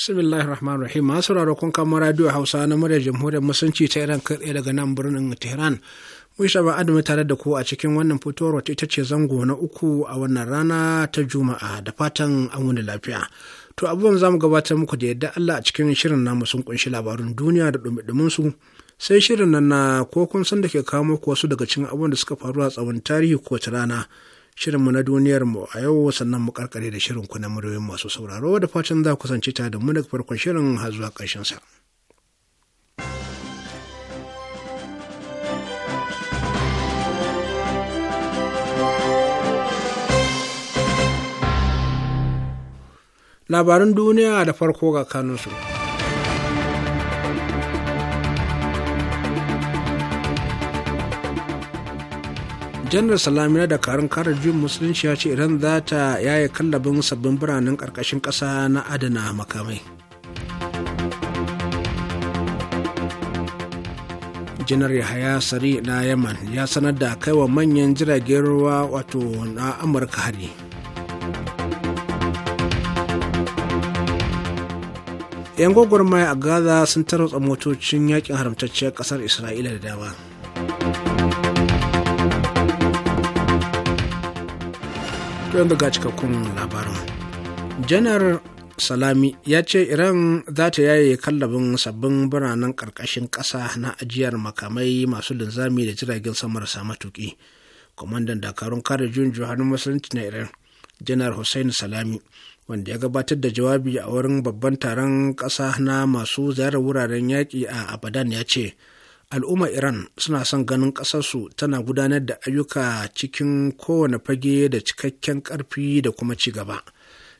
bismillahir rahmanir rahim masu sauraro kun kama radio hausa na murar jamhuriyar musulunci ta iran kai daga nan birnin tehran mun ba adamu tare da ku a cikin wannan fitowar wata ita ce zango na uku a wannan rana ta juma'a da fatan an wani lafiya to abubuwan zamu gabatar muku da yadda allah a cikin shirin namu sun kunshi labarun duniya da dumi su sai shirin nan na ko kun san da ke kawo muku wasu daga cikin abubuwan da suka faru a tsawon tarihi ko ta rana shirinmu na duniyarmu a yau sannan mu karkare da shirin ku na muryoyin masu sauraro da fatan za ku kusance ta da mu daga farkon shirin har zuwa ƙarshen sa. Labarin duniya da farko ga kanunsu. janar salamina da dakarun karar juyin musulunci ya ce iran za ta yaye kallabin sabbin biranen ƙarƙashin ƙasa na adana makamai janar yahaya sari na yaman ya sanar da kaiwa manyan jiragen ruwa wato na amurka hari yan gwagwarmaya a gaza sun tarwatsa motocin yakin haramtacciyar kasar isra'ila da dama To yanzu ga cikakkun labarin. Janar Salami ya ce Iran za ta yaye kallabin sabbin biranen ƙarƙashin ƙasa na ajiyar makamai masu linzami da jiragen sama marasa matuƙi. Kwamandan dakarun kare jun hannun musulunci na Iran, Janar Hussein Salami, wanda ya gabatar da jawabi a wurin babban taron ƙasa na masu ziyarar wuraren yaƙi a Abadan ya ce, al'ummar iran suna son ganin ƙasarsu tana gudanar da ayyuka cikin kowane fage da cikakken ƙarfi da kuma ci gaba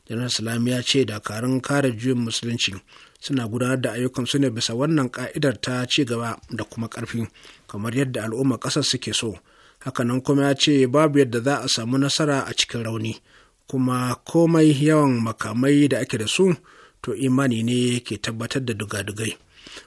janar salam ya ce dakarun kare juyin musulunci suna gudanar da ayyukansu ne bisa wannan ka'idar ta ci gaba da kuma ƙarfi kamar yadda al'umma ƙasar suke so hakanan kuma ya ce babu yadda za a samu nasara a cikin rauni kuma komai yawan makamai da ake da su to imani ne ke tabbatar da dugadugai.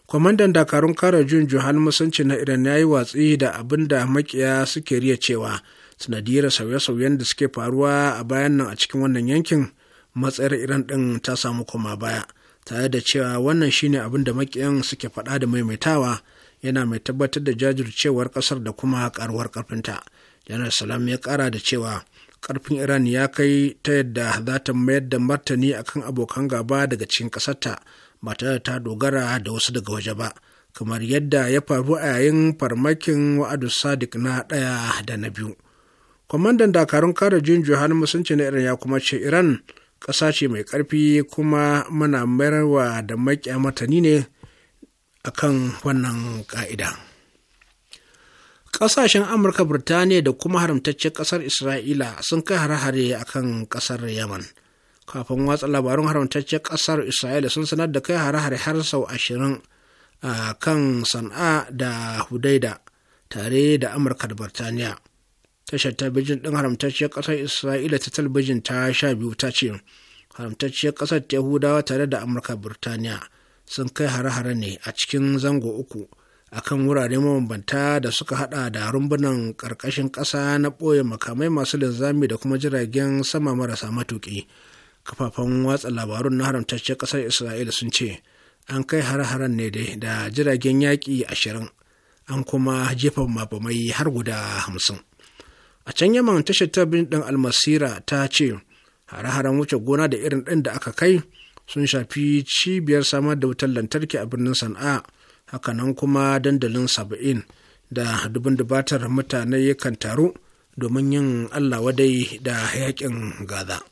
kwamandan dakarun kare jun juhan musanci na iran ya yi watsi da abin da makiya suke riya cewa sanadiyar sauye-sauyen da suke faruwa a bayan nan a cikin wannan yankin matsayar iran din ta samu koma baya tare da cewa wannan shine abin da makiyan suke faɗa da maimaitawa yana mai tabbatar da jajircewar ƙasar da kuma karuwar karfinta janar salam ya ƙara da cewa karfin iran ya kai ta yadda za ta mayar da martani akan abokan gaba daga cikin ƙasarta ba tare ta dogara da wasu daga waje ba kamar yadda ya faru a yayin farmakin wa'adu sadiq na ɗaya da na biyu kwamandan dakarun kare jinju halin musulunci na iran ya kuma ce iran ƙasa ce mai ƙarfi kuma muna mayarwa da maƙiya matani ne akan wannan ƙa'ida ƙasashen amurka birtaniya da kuma haramtaccen ƙasar isra'ila sun kai hare-hare kan ƙasar yaman kafin watsa labarun haramtaccen ƙasar isra'ila sun sanar da kai hare-hare har sau ashirin a kan sana'a da hudaida tare da amurka da birtaniya tashar talabijin ɗin haramtacciyar ƙasar isra'ila ta talabijin ta sha biyu ta ce haramtacciyar ƙasar ta yahudawa tare da amurka birtaniya sun kai hare-hare ne a cikin zango uku a kan wurare mabambanta da suka hada da rumbunan ƙarƙashin ƙasa na ɓoye makamai masu linzami da kuma jiragen sama marasa matuƙi kafafen watsa labarun na haramtaccen ƙasar isra'ila sun ce an kai har-haren ne dai da jiragen yaƙi ashirin an kuma jefa mabamai har guda hamsin a can yaman tashar ta bin ɗin almasira ta ce har haren wuce gona da irin ɗin da aka kai sun shafi cibiyar samar da wutar lantarki a birnin sana'a hakanan kuma dandalin saba'in da dubin dubatar mutane kan taru domin yin allah wadai da yaƙin gaza.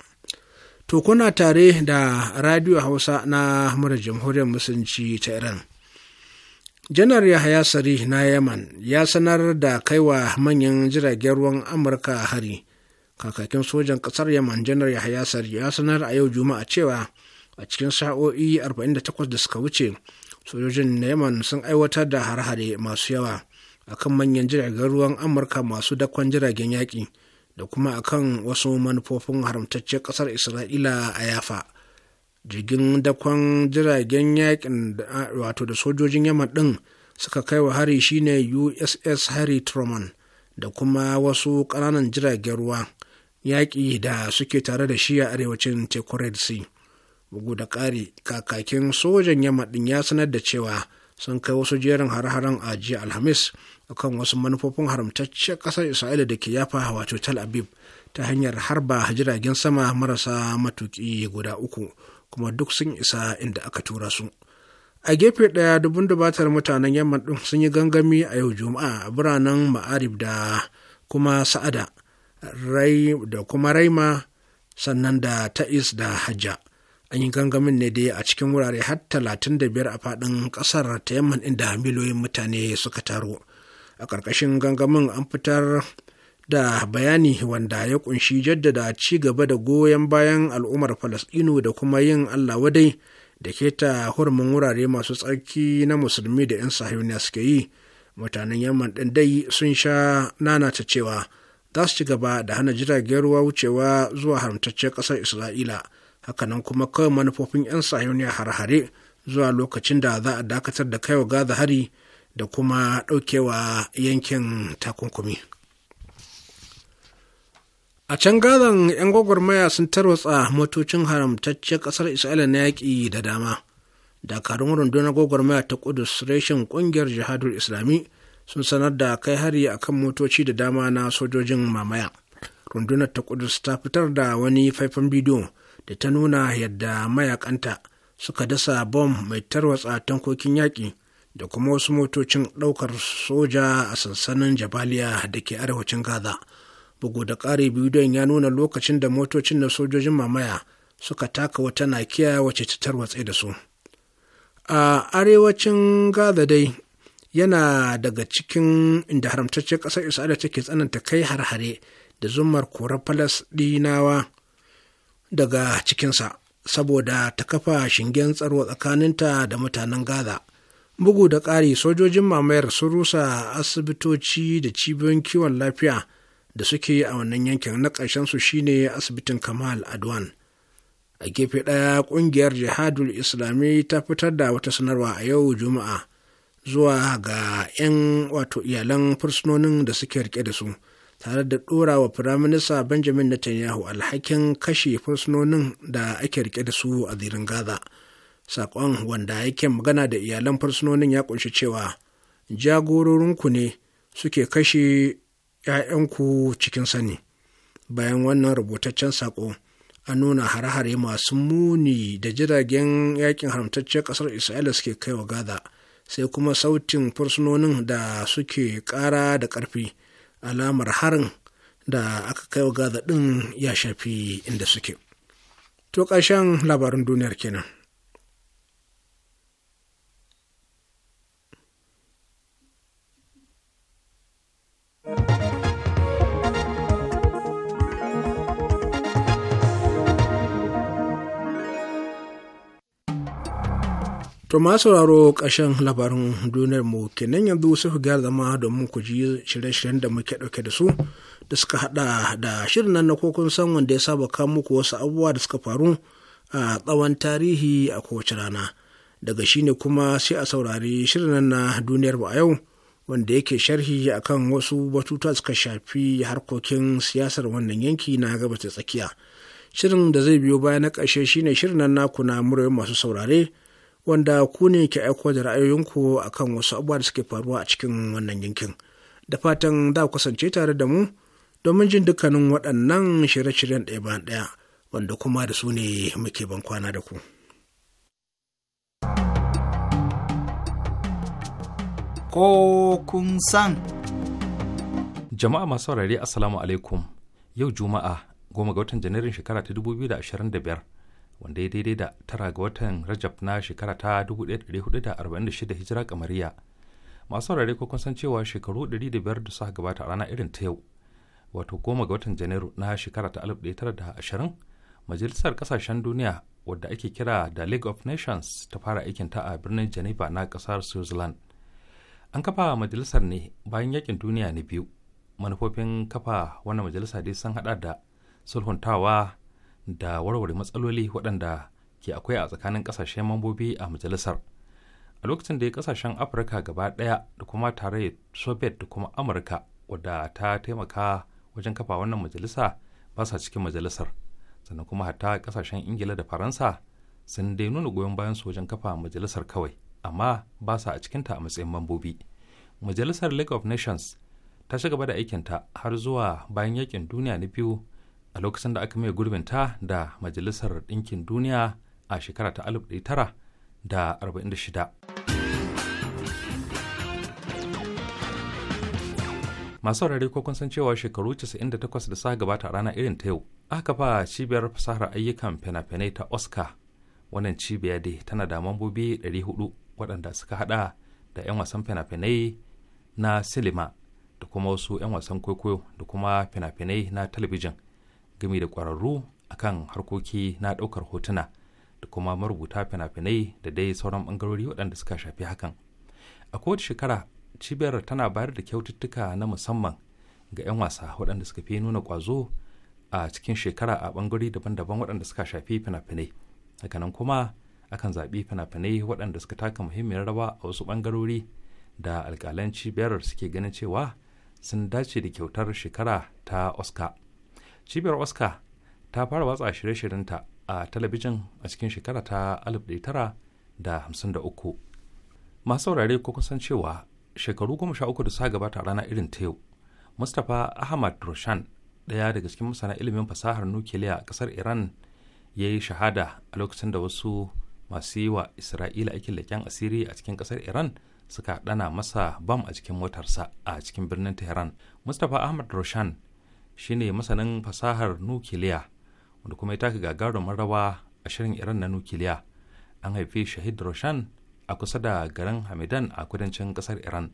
To kuna tare da Radio Hausa na mara jamhuriyar musulunci ta Iran. Janar Yahaya Sari na Yaman ya sanar da kaiwa manyan jiragen ruwan Amurka hari. Kakakin sojan ƙasar Yaman Janar Yahaya Sari ya sanar a yau Juma'a cewa a cikin sa'o'i 48 da suka wuce sojojin na Yaman sun aiwatar da hare-hare masu yawa akan manyan jiragen ruwan Amurka masu dakon jiragen yaƙi. da kuma akan wasu manufofin haramtacciyar ƙasar isra'ila a yafa jirgin dakon jiragen yakin wato da sojojin yaman ɗin suka kai wa hari shine uss harry truman da kuma wasu ƙananan jiragen ruwa yaƙi da suke tare da shi a arewacin tekun red sea bugu da ƙari kakakin sojan yamma ɗin ya sanar da cewa sun kai wasu jerin har-haren a jiya alhamis akan wasu manufofin haramtaccen ƙasar isra'ila da ke yafa wato tel Abib, ta hanyar harba jiragen sama marasa matuƙi guda uku kuma duk sun isa inda aka tura su a gefe ɗaya dubun dubatar mutanen yamma ɗin sun yi gangami a yau juma'a a biranen ma'arib da kuma sa'ada rai da kuma raima sannan da ta'is da hajja an yi gangamin ne dai a cikin wurare har talatin da biyar a faɗin ƙasar ta yamma inda miliyoyin mutane suka taro a ƙarƙashin gangamin an fitar da bayani wanda ya ƙunshi jaddada ci gaba da goyon bayan al'ummar falasɗinu da kuma yin allah wadai da ke ta hurumin wurare masu tsarki na musulmi da 'yan sahiyoniya suke yi mutanen yamman ɗin dai sun sha nanata cewa za su ci gaba da hana jiragen ruwa wucewa zuwa haramtacciyar ƙasar isra'ila hakanan kuma kawai manufofin 'yan sahiyoniya har-hare zuwa lokacin da za a dakatar da kaiwa gaza hari da kuma ɗaukewa yankin takunkumi a can gazan 'yan gwagwarmaya sun tarwatsa motocin haramtaccen ƙasar isra'ila na yaƙi da dama dakarun rundunar gwagwarmaya ta kudus reshen ƙungiyar jihadul islami sun sanar da kai hari a kan motoci da dama na sojojin mamaya rundunar ta kudus ta fitar da wani faifan bidiyo da ta nuna yadda mayakanta suka dasa bom mai tarwatsa tankokin yaƙi da kuma wasu motocin ɗaukar soja a sansanin jabaliya da ke arewacin gaza bugu da ƙari bidiyon ya nuna lokacin da motocin na sojojin mamaya suka taka wata nakiya wace ta tarwatse da su a arewacin gaza dai yana daga cikin inda haramtaccen ƙasar isra'ila take tsananta kai har-hare da zumar korar falasɗinawa daga cikinsa saboda ta kafa shingen tsaro tsakaninta da mutanen gaza bugu da ƙari sojojin mamayar sun rusa asibitoci da cibiyoyin kiwon lafiya da suke a wannan yankin na ƙarshen su shine asibitin kamal adwan a gefe ɗaya ƙungiyar jihadul islami ta fitar da wata sanarwa a yau juma'a zuwa ga 'yan wato iyalan fursunonin da suke rike da su tare da ɗora wa firaminista benjamin netanyahu alhakin kashe fursunonin da ake rike da su a zirin gaza Saƙon wanda yake magana da iyalan fursunonin ya ƙunshi cewa jagororinku ne suke kashe 'ya'yanku cikin sani. Bayan wannan rubutaccen saƙo, an nuna hare-hare masu muni da jiragen yakin haramtaccen ƙasar Isra'ila suke kai wa Gaza, sai kuma sautin fursunonin da suke ƙara da ƙarfi. alamar harin da aka kai wa gaza ɗin ya shafi inda suke. To ƙarshen labarin duniyar kenan. To ma sauraro ƙashen labarin duniyar mu kenan yanzu sai ku gyara zama domin ku ji shirye-shiryen da muke ɗauke da su da suka haɗa da shirin nan na kokon san wanda ya saba kawo muku wasu abubuwa da suka faru a tsawon tarihi a kowace rana. Daga shi ne kuma sai a saurari shirin nan na duniyar mu a yau wanda yake sharhi akan wasu batutuwa suka shafi harkokin siyasar wannan yanki na gabata tsakiya. Shirin da zai biyo baya na ƙarshe shine shirin nan naku na muryoyin masu saurare. wanda ku ne ke aiko da ra'ayoyinku a kan wasu abubuwa da suke faruwa a cikin wannan yankin da fatan za ku kasance tare da mu domin jin dukkanin waɗannan shirye-shiryen ɗaya bayan ɗaya wanda kuma da su ne muke ban kwana da ku. Ko kun san. Jama'a masu saurare Assalamu alaikum yau Juma'a goma ga watan Janairun shekara ta biyu da biyar. wanda ya daidai da tara ga watan rajab na shekara ta 1446 hijira kamariya masu saurare ko san cewa shekaru 500 da suka gabata a rana irin ta yau wato goma ga watan janairu na shekara ta 1920 majalisar kasashen duniya wadda ake kira da league of nations ta fara aikin ta a birnin geneva na kasar switzerland an kafa majalisar ne bayan yakin duniya na biyu manufofin kafa wannan majalisa dai sun hada da sulhuntawa da warware matsaloli waɗanda ke akwai a tsakanin ƙasashen mambobi a majalisar a lokacin da ya ƙasashen afirka gaba ɗaya da kuma tare soviet da kuma amurka wadda ta taimaka wajen kafa wannan majalisa ba sa cikin majalisar sannan kuma hatta ƙasashen ingila da faransa sun dai nuna goyon bayan su wajen kafa majalisar kawai amma ba sa a cikinta a matsayin mambobi majalisar league of nations ta ci gaba da aikinta har zuwa bayan yakin duniya na biyu a lokacin da aka mai gurbinta da majalisar ɗinkin duniya a shekara ta 1946 masu rarrai ko kun san cewa shekaru 98 da sa gabata rana irin ta yau aka fa cibiyar fasahar ayyukan fina-finai ta oscar wannan cibiya dai tana da mambobi 400 waɗanda suka hada da 'yan wasan fina-finai na silima da kuma wasu 'yan wasan kwaikwayo da kuma fina-finai na talabijin gami da ƙwararru akan harkoki na ɗaukar hotuna da kuma marubuta fina-finai da dai sauran bangarori waɗanda suka shafi hakan a kowace shekara cibiyar tana bayar da kyaututtuka na musamman ga 'yan wasa waɗanda suka fi nuna ƙwazo a cikin shekara a ɓangare daban-daban waɗanda suka shafi fina-finai hakanan kuma akan zaɓi fina-finai waɗanda suka taka muhimmiyar rawa a wasu bangarori da alƙalan cibiyar suke ganin cewa sun dace da kyautar shekara ta oscar cibiyar oscar ta fara watsa shirye-shiryenta a talabijin a cikin shekara ta 1953 masu saurare ko kusan cewa shekaru goma sha uku da sa gabata a rana irin ta yau mustapha ahmad roshan ɗaya daga cikin masana ilimin fasahar nukiliya a ƙasar iran ya yi shahada a lokacin da wasu masu yi wa isra'ila aikin leƙen asiri a cikin ƙasar iran suka ɗana masa bam a cikin motarsa a cikin birnin tehran mustapha ahmad roshan shine masanin fasahar nukiliya wanda kuma ya taka gagarumin rawa a shirin iran na nukiliya an haifi shahid roshan a kusa da garin hamidan a kudancin kasar iran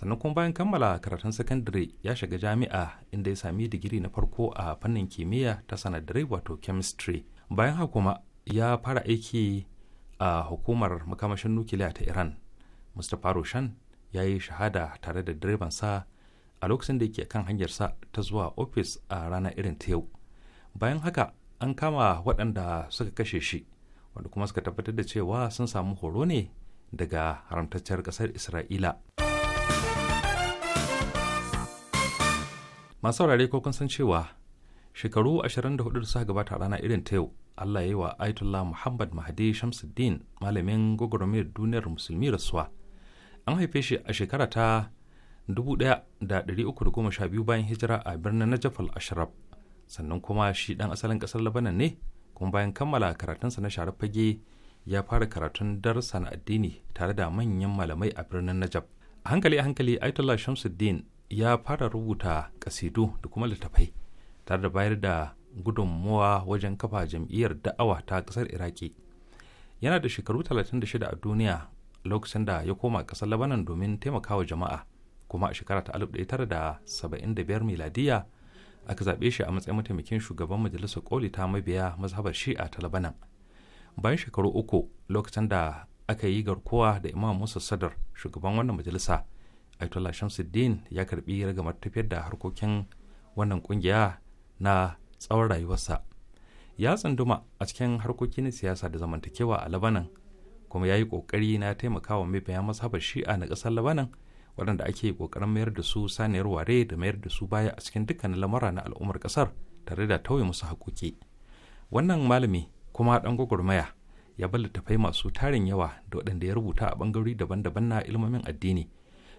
sannan kuma bayan kammala karatun sakandare ya shiga jami'a inda ya sami digiri na farko a fannin kimiyya ta sanadare wato chemistry bayan haka kuma ya fara aiki a hukumar makamashin nukiliya ta iran mustapha roshan ya yi shahada tare da direbansa a lokacin da yake kan hanyarsa ta zuwa ofis a rana irin ta yau bayan haka an kama waɗanda suka kashe shi wanda kuma suka tabbatar da cewa sun samu horo ne daga haramtacciyar ƙasar isra'ila masu saurare ko kun san cewa shekaru 24 da suka gabata rana irin ta yau allah ya yi wa aitullah muhammad mahdi shamsuddin malamin gwagwarmayar duniyar musulmi rasuwa an haife shi a shekara ta 1312 bayan hijira a birnin najaf al-ashraf sannan kuma shi dan asalin kasar labanan ne kuma bayan kammala karatunsa na share fage ya fara karatun darsa na addini tare da manyan malamai a birnin najaf a hankali a hankali aitullah shamsuddin ya fara rubuta kasidu da kuma littafai tare da bayar da gudunmuwa wajen kafa jam'iyyar da'awa ta kasar iraki yana da shekaru 36 a duniya lokacin da ya koma kasar labanan domin taimakawa jama'a kuma a shekara ta 1975 miladiya aka zaɓe shi a matsayin mataimakin shugaban majalisar koli ta mabiya mazhabar shi'a ta labanan bayan shekaru uku lokacin da aka yi garkuwa da imam musa sadar shugaban wannan majalisa aitola shamsuddin ya karbi ragamar tafiyar da harkokin wannan kungiya na tsawon rayuwarsa ya tsanduma a cikin harkokin siyasa da zamantakewa a labanan kuma ya yi kokari na taimakawa mabiya mazhabar shi'a na ƙasar labanan waɗanda ake kokarin mayar da su saniyar ware da mayar da su baya a cikin dukkanin lamura na al'ummar ƙasar tare da tauye musu hakoki wannan malami kuma ɗan gwagwarmaya ya bar littattafai masu tarin yawa da waɗanda ya rubuta a ɓangarori daban-daban na ilmomin addini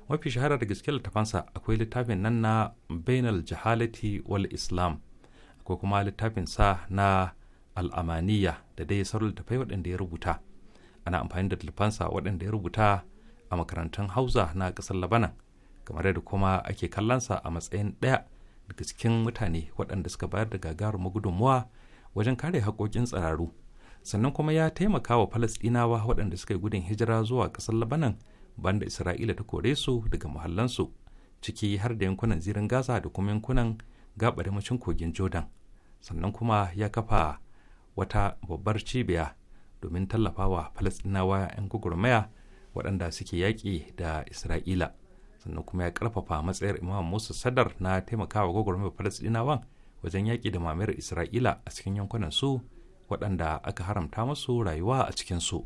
mafi shahara da gaske littafansa akwai littafin nan na bainal jahalati wal islam akwai kuma littafin sa na al'amaniya da dai sauran littafai waɗanda ya rubuta ana amfani da littafansa waɗanda ya rubuta a makarantun hausa na ƙasar labanan kamar yadda kuma ake kallonsa a matsayin ɗaya daga cikin mutane waɗanda suka bayar da gagarumar gudunmuwa wajen kare haƙoƙin tsiraru sannan kuma ya taimaka wa falasɗinawa waɗanda suka yi gudun hijira zuwa ƙasar labanan banda isra'ila ta kore su daga muhallansu ciki har da yankunan zirin gaza da kuma yankunan gabarimacin kogin jordan sannan kuma ya kafa wata babbar cibiya domin tallafawa falasɗinawa 'yan gugurmaya waɗanda suke yaƙi da isra'ila sannan kuma ya ƙarfafa matsayar imam musa sadar na taimakawa gwagwarmar falasɗinawan wajen yaƙi da mamayar isra'ila a cikin yankunan su waɗanda aka haramta musu rayuwa a cikin su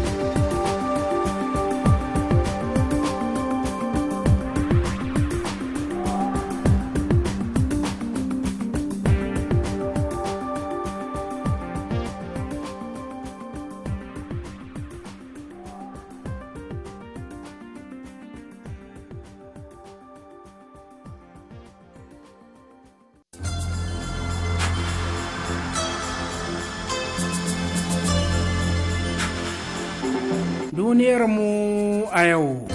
Duniyarmu a yau.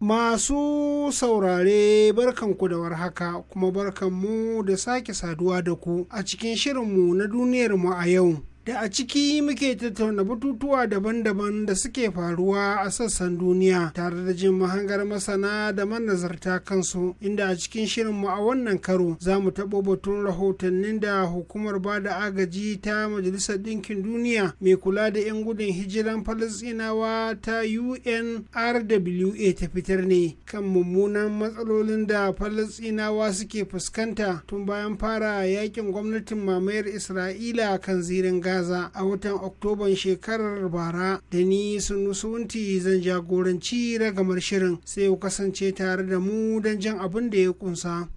Masu saurare barkan ku da warhaka kuma barkanmu da sake saduwa da ku a cikin shirinmu na duniyarmu a yau. da a ciki muke tattauna batutuwa daban-daban da suke faruwa a sassan duniya tare da jin mahangar masana da manazarta kansu inda a cikin shirinmu a wannan karo za mu taɓo batun rahotannin da hukumar ba da agaji ta majalisar ɗinkin duniya mai kula da 'yan gudun hijiran falasinawa ta unrwa ta fitar ne kan mummunan matsalolin da falasinawa suke fuskanta tun bayan fara yakin gwamnatin mamayar isra'ila kan zirin gaza gaza a watan oktoban shekarar bara da ni sunti zan jagoranci ragamar shirin sai ku kasance tare da mu don jan abin da ya kunsa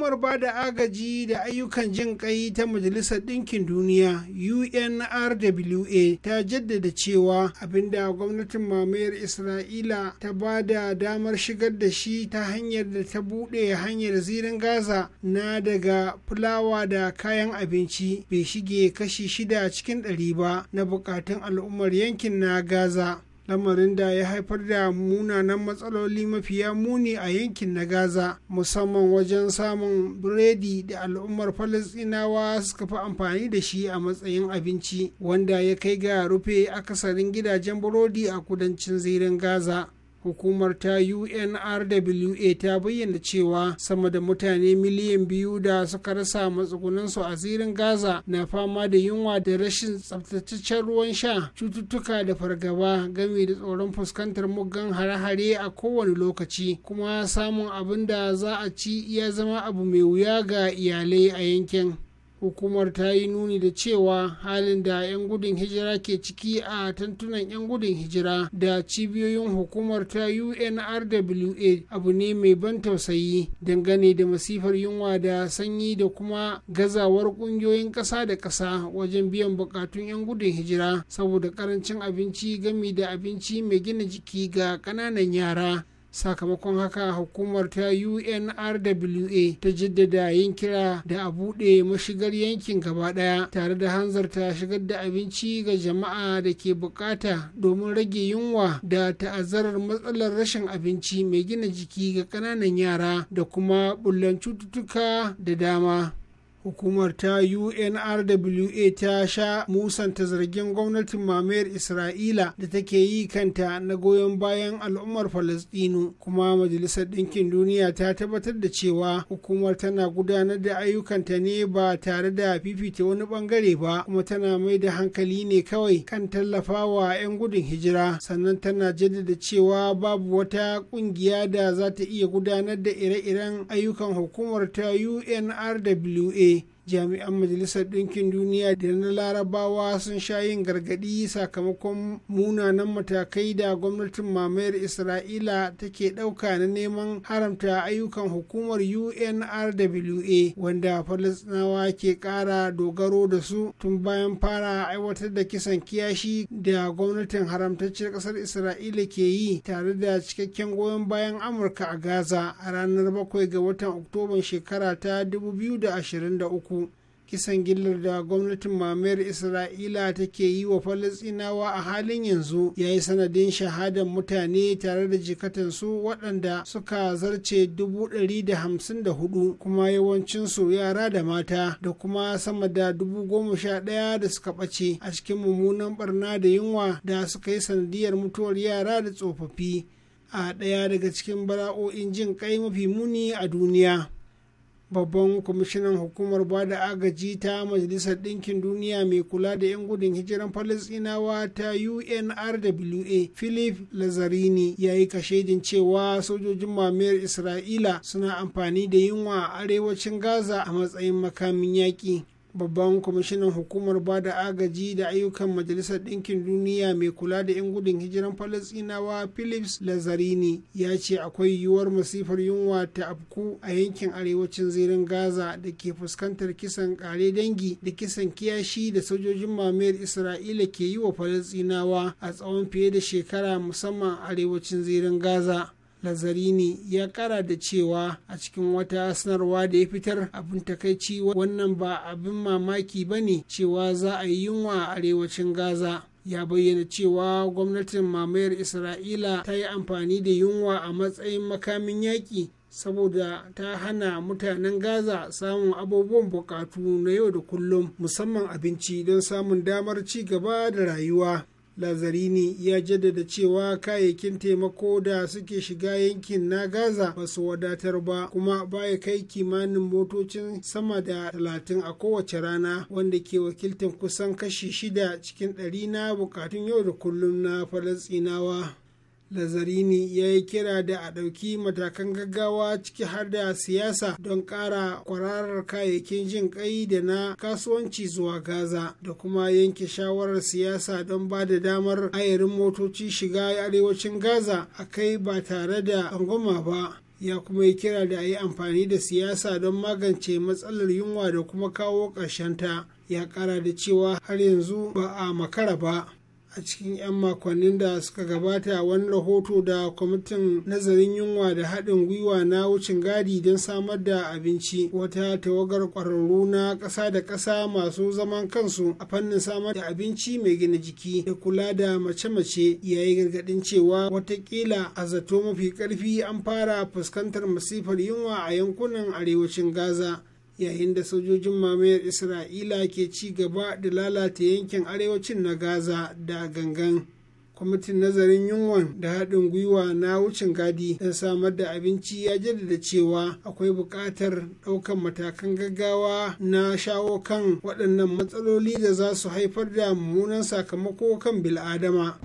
hukumar ba da agaji da ayyukan jin ƙai ta majalisar ɗinkin duniya unrwa ta jaddada cewa abinda gwamnatin mamayar isra'ila ta ba da damar shigar da shi ta hanyar da ta buɗe hanyar zirin gaza na daga fulawa da kayan abinci bai shige kashi shida cikin ɗari ba na buƙatun al'ummar yankin na gaza lamarin da ya haifar da munanan matsaloli mafiya muni a yankin na gaza musamman wajen samun biredi da al'ummar falasinawa suka fi amfani da shi a matsayin abinci wanda ya kai ga rufe akasarin gidajen burodi a kudancin zirin gaza hukumar ta unrwa ta bayyana cewa sama da mutane miliyan biyu da suka rasa matsugunansu a zirin gaza na fama da yunwa da rashin tsabtataccen ruwan sha cututtuka da fargaba game da tsoron fuskantar muggan hare-hare a kowane lokaci kuma samun abin da za a ci ya zama abu mai wuya ga iyalai a yankin hukumar ta yi nuni da cewa halin da 'yan gudun hijira ke ciki a tantunan 'yan gudun hijira da cibiyoyin hukumar ta unrwa abu ne mai ban tausayi dangane da masifar yunwa da sanyi da kuma gazawar kungiyoyin ƙasa da ƙasa wajen biyan buƙatun 'yan gudun hijira saboda ƙarancin abinci gami da abinci mai gina jiki ga ƙananan yara sakamakon haka hukumar ta unrwa ta jaddada yin kira da a buɗe mashigar yankin gaba ɗaya tare da hanzarta shigar da abinci ga jama'a da ke bukata domin rage yunwa da ta'azzarar matsalar rashin abinci mai gina jiki ga ƙananan yara da kuma bullan cututtuka da dama hukumar ta unrwa ta sha musanta zargin gwamnatin mamayar isra'ila da take yi kanta na goyon bayan al'ummar falastinu kuma majalisar ɗinkin duniya ta tabbatar da cewa hukumar tana gudanar da ayyukanta ne ba tare da fifita wani bangare ba kuma tana mai da hankali ne kawai kan tallafawa 'yan gudun hijira sannan tana jaddada cewa babu wata kungiya da za ta iya gudanar da ire-iren ayyukan hukumar ta unrwa jami'an majalisar ɗinkin duniya da na larabawa sun sha yin gargaɗi sakamakon munanan matakai da gwamnatin mamayar isra'ila take ɗauka na neman haramta ayyukan hukumar unrwa wanda Falasnawa ke ƙara dogaro da su tun bayan fara aiwatar da kisan kiyashi da gwamnatin haramtaccen ƙasar isra'ila ke yi tare da cikakken goyon bayan amurka a gaza a ranar bakwai ga watan oktoban shekara ta 2023 kisan gillar da gwamnatin mamayar isra'ila take yi wa falasinawa a halin yanzu ya yi sanadin shahadar mutane tare da jikatansu waɗanda suka zarce dubu ɗari da hamsin da hudu kuma yawancinsu yara da mata da kuma sama da dubu goma sha ɗaya da suka ɓace a cikin mummunan barna da yunwa da suka yi sanadiyar mutuwar yara da tsofaffi a ɗaya daga cikin bara'o'in jin kai mafi muni a duniya babban kwamishinan hukumar bada agaji ta majalisar ɗinkin duniya mai kula da 'yan gudun hijiran falisinawa ta unrwa philip lazarini ya yi kashedin cewa sojojin mamayar isra'ila suna amfani da yunwa a arewacin gaza a matsayin makamin yaƙi babban kwamishinan hukumar ba da agaji da ayyukan majalisar ɗinkin duniya mai kula da 'yan gudun hijiran falasinawa philips lazarini ya ce akwai yiwuwar masifar yunwa ta afku a yankin arewacin zirin gaza da ke fuskantar kisan kare dangi da kisan kiyashi da sojojin mamayar isra'ila ke yi wa falasinawa a tsawon fiye da shekara musamman arewacin zirin gaza Lazarini ya kara da cewa a cikin wata sanarwa da ya fitar abin takaici wannan ba abin mamaki ba ne cewa za a yi yunwa a arewacin Gaza. ya bayyana cewa gwamnatin mamayar isra'ila ta yi amfani da yunwa a matsayin makamin yaƙi saboda ta hana mutanen gaza samun abubuwan buƙatu na yau da kullum musamman abinci don samun damar ci gaba da rayuwa lazarini ya jaddada cewa kayayyakin taimako da suke shiga yankin na gaza ba su wadatar ba kuma baya kai kimanin motocin sama da talatin a kowace rana wanda ke wakiltar kusan kashi shida cikin ɗari na bukatun yau da kullum na falasɗinawa Lazarini ya yi kira da a ɗauki matakan gaggawa ciki har da siyasa don ƙara kwararar kayayyakin jin ƙai da na kasuwanci zuwa Gaza da kuma yanke shawarar siyasa don ba da damar ayarin motoci shiga arewacin Gaza a kai ba tare da tsangwama ba. ya kuma yi kira da a yi amfani da siyasa don magance matsalar yunwa da kuma kawo ta. ya ƙara da cewa har yanzu ba a makara ba a cikin 'yan makonnin da suka gabata wani rahoto da kwamitin nazarin yunwa da haɗin gwiwa na wucin gadi don samar da abinci wata tawagar ƙwararru na ƙasa da ƙasa masu zaman kansu a fannin samar da abinci mai gina jiki da kula da mace-mace yayi gargaɗin cewa watakila a zato mafi ƙarfi an fara fuskantar masifar yunwa a yankunan arewacin gaza yayin da sojojin mamayar isra'ila ke ci gaba da lalata yankin arewacin na gaza da gangan kwamitin nazarin yunwan da haɗin gwiwa na wucin gadi don samar da abinci ya jaddada cewa akwai buƙatar ɗaukan matakan gaggawa na shawo kan waɗannan matsaloli da za su haifar da mummunan sakamako kan bil'adama.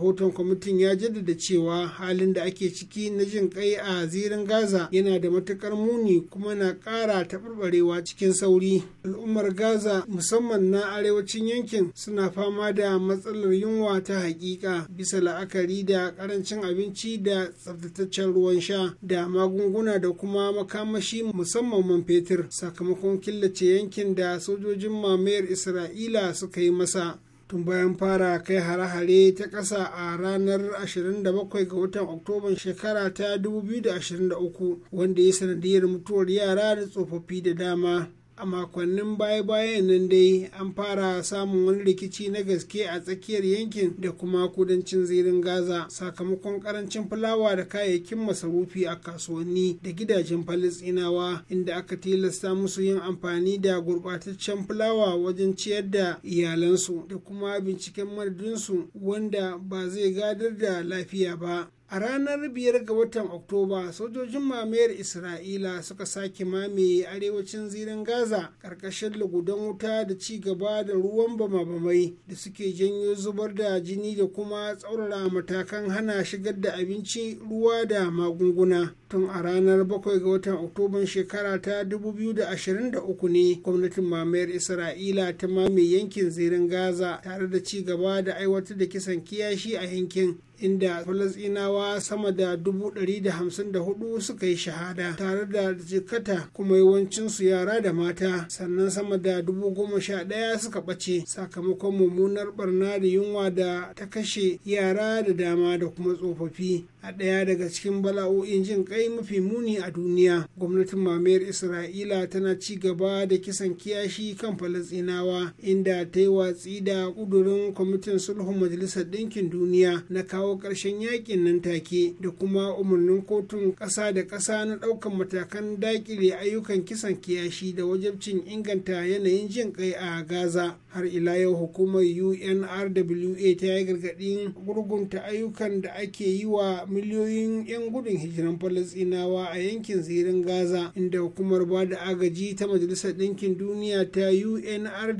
rahoton kwamitin ya jaddada cewa halin da ake ciki na jin kai a zirin gaza yana da matukar muni kuma na ƙara taɓarɓarewa cikin sauri al'ummar gaza musamman na arewacin yankin suna fama da matsalar yunwa ta hakika bisa la'akari da ƙarancin abinci da tsaftataccen ruwan sha da magunguna da kuma makamashi musamman man fetur sakamakon killace yankin da sojojin mamayar isra'ila suka yi masa tun bayan fara kai hare-hare ta ƙasa a ranar 27 ga watan oktoban shekara ta 2023 wanda ya sanadiyar mutuwar yara da tsofaffi da dama a makonnin baya-bayan nan dai an fara samun wani rikici na gaske a tsakiyar yankin da kuma kudancin zirin gaza sakamakon karancin fulawa da kayayyakin masarufi a kasuwanni da gidajen falisinawa inda aka tilasta musu yin amfani da gurbataccen fulawa wajen ciyar da iyalansu da kuma binciken madadinsu wanda ba zai gadar da lafiya ba a ranar biyar ga watan oktoba sojojin mamayar isra'ila suka sake mamaye arewacin zirin gaza ƙarƙashin lagudan wuta da ci gaba da ruwan bama-bamai da suke janyo zubar da jini da kuma tsaurara matakan hana shigar da abinci ruwa da magunguna tun a ranar 7 ga watan oktoban shekara ta 2023 ne gwamnatin mamayar isra'ila ta mamaye yankin zirin gaza tare da ci gaba da aiwatar da kisan kiyashi a yankin inda falasinawa sama da dubu ɗari da da hamsin hudu suka yi shahada tare da jikata kuma yawancinsu yara da mata sannan sama da dubu goma sha ɗaya suka ɓace sakamakon mummunar barna da yunwa da ta kashe yara da dama da kuma tsofaffi a ɗaya daga cikin bala'o'in jin kai mafi muni a duniya gwamnatin mamayar isra'ila tana ci gaba da kisan kiyashi kan falasinawa inda ta yi watsi da ƙudurin kwamitin sulhun majalisar ɗinkin duniya na kawo kawo ƙarshen yakin nan take da kuma umarnin kotun ƙasa da ƙasa na ɗaukan matakan daƙile ayyukan kisan kiyashi da wajabcin inganta yanayin jin kai a gaza har ila yau hukumar unrwa ta yi gargaɗin gurgunta ayyukan da ake yi wa miliyoyin 'yan gudun hijiran falastinawa a yankin zirin gaza inda hukumar ba da agaji ta majalisar ɗinkin duniya ta unrwa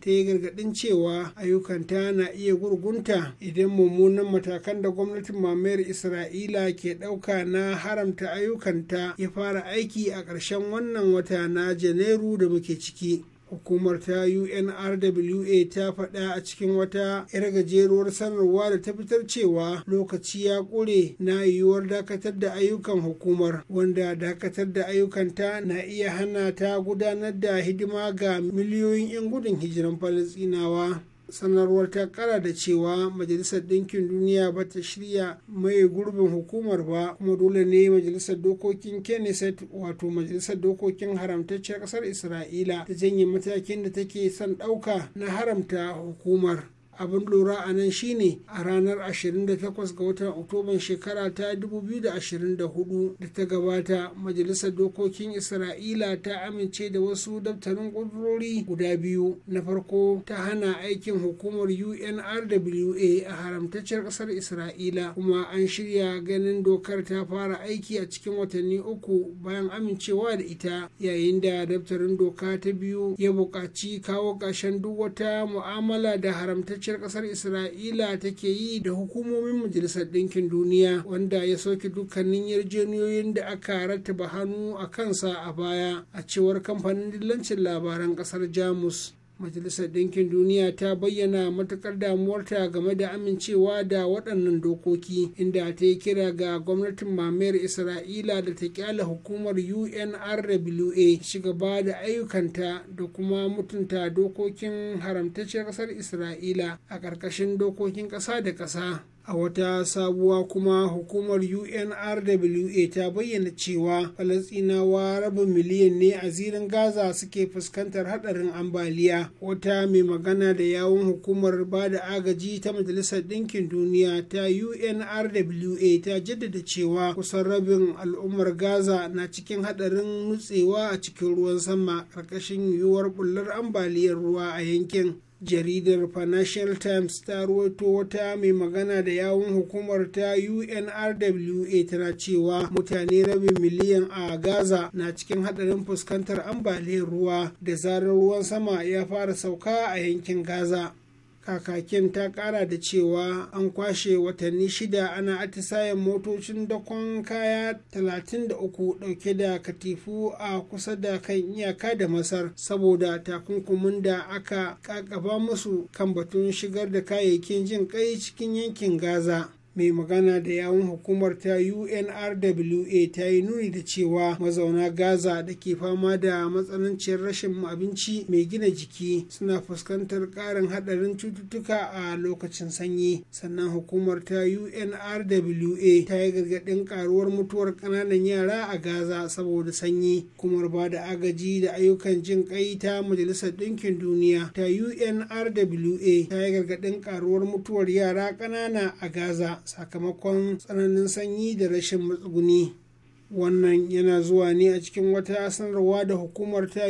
ta yi gargaɗin cewa ayyukanta na iya gurgunta idan mummunan mata. matakan da gwamnatin mamayar isra'ila ke ɗauka na haramta ayyukanta ya fara aiki a ƙarshen wannan wata na janairu da muke ciki hukumar ta unrwa ta faɗa a cikin wata 'yar gajeruwar sanarwa da ta fitar cewa lokaci ya ƙure na yiwuwar dakatar da ayyukan hukumar wanda dakatar da ayyukanta na iya hana ta gudanar da hidima ga miliyoyin 'yan gudun hijiran falasinawa sanarwar ta kara da cewa majalisar ɗinkin duniya ba ta shirya mai gurbin hukumar ba kuma dole ne majalisar dokokin kenneset wato majalisar dokokin haramtacciyar ƙasar isra'ila ta janye matakin da take son ɗauka na haramta hukumar abin lura a nan shine a ranar 28 ga watan oktoban shekara ta 2024 da ta gabata majalisar dokokin isra'ila ta amince da wasu daftarin ƙudurori guda biyu na farko ta hana aikin hukumar unrwa a haramtaccen ƙasar isra'ila kuma an shirya ganin dokar ta fara aiki a cikin watanni uku bayan amincewa da ita yayin da daftarin doka ta biyu ya buƙaci kawo ƙarshen duk wata mu'amala da haramtaccen haramtacciyar kasar isra'ila take yi da hukumomin majalisar ɗinkin duniya wanda ya soke dukkanin yarjejeniyoyin da aka rattaba hannu a kansa a baya a cewar kamfanin dillancin labaran kasar jamus majalisar ɗinkin duniya ta bayyana matuƙar damuwarta game da amincewa da waɗannan dokoki inda ta yi kira ga gwamnatin mamayar isra'ila da ta kyala hukumar unrwa shigaba da ayyukanta da kuma mutunta dokokin haramtacciyar ƙasar isra'ila a ƙarƙashin dokokin ƙasa da ƙasa a wata sabuwa kuma hukumar unrwa ta bayyana cewa falasinawa raba miliyan ne a zirin gaza suke fuskantar hadarin ambaliya wata mai magana da yawon hukumar ba da agaji ta majalisar ɗinkin duniya ta unrwa ta jaddada cewa kusan rabin al'ummar gaza na cikin hadarin nutsewa a cikin ruwan sama ƙarƙashin yiwuwar bullar ambaliyar ruwa a yankin jaridar financial times ta ruwaito wata mai magana da yawun hukumar ta unrwa tana cewa mutane rabin miliyan a gaza na cikin hadarin fuskantar ambaliyar ruwa da zarar ruwan sama ya fara sauka a yankin gaza kakakin ta kara da cewa an kwashe watanni shida ana atisayen motocin dakon kaya 33 dauke da katifu a kusa da kan iyaka da masar saboda takunkumin da aka kakaba musu kan batun shigar da kayayyakin jin kai cikin yankin gaza mai magana da yawun hukumar ta unrwa ta yi nuni da cewa mazauna gaza da ke fama da matsananciyar rashin abinci mai gina jiki suna fuskantar karin hadarin cututtuka a lokacin sanyi sannan hukumar ta unrwa ta yi gargadin karuwar mutuwar ƙananan yara a gaza saboda sanyi kuma ba da agaji da ayyukan jin kai ta majalisar ɗinkin duniya ta unrwa ta yi gargadin karuwar mutuwar yara ƙanana a gaza sakamakon tsananin sanyi da rashin matsuguni wannan yana zuwa ne a cikin wata sanarwa da hukumar ta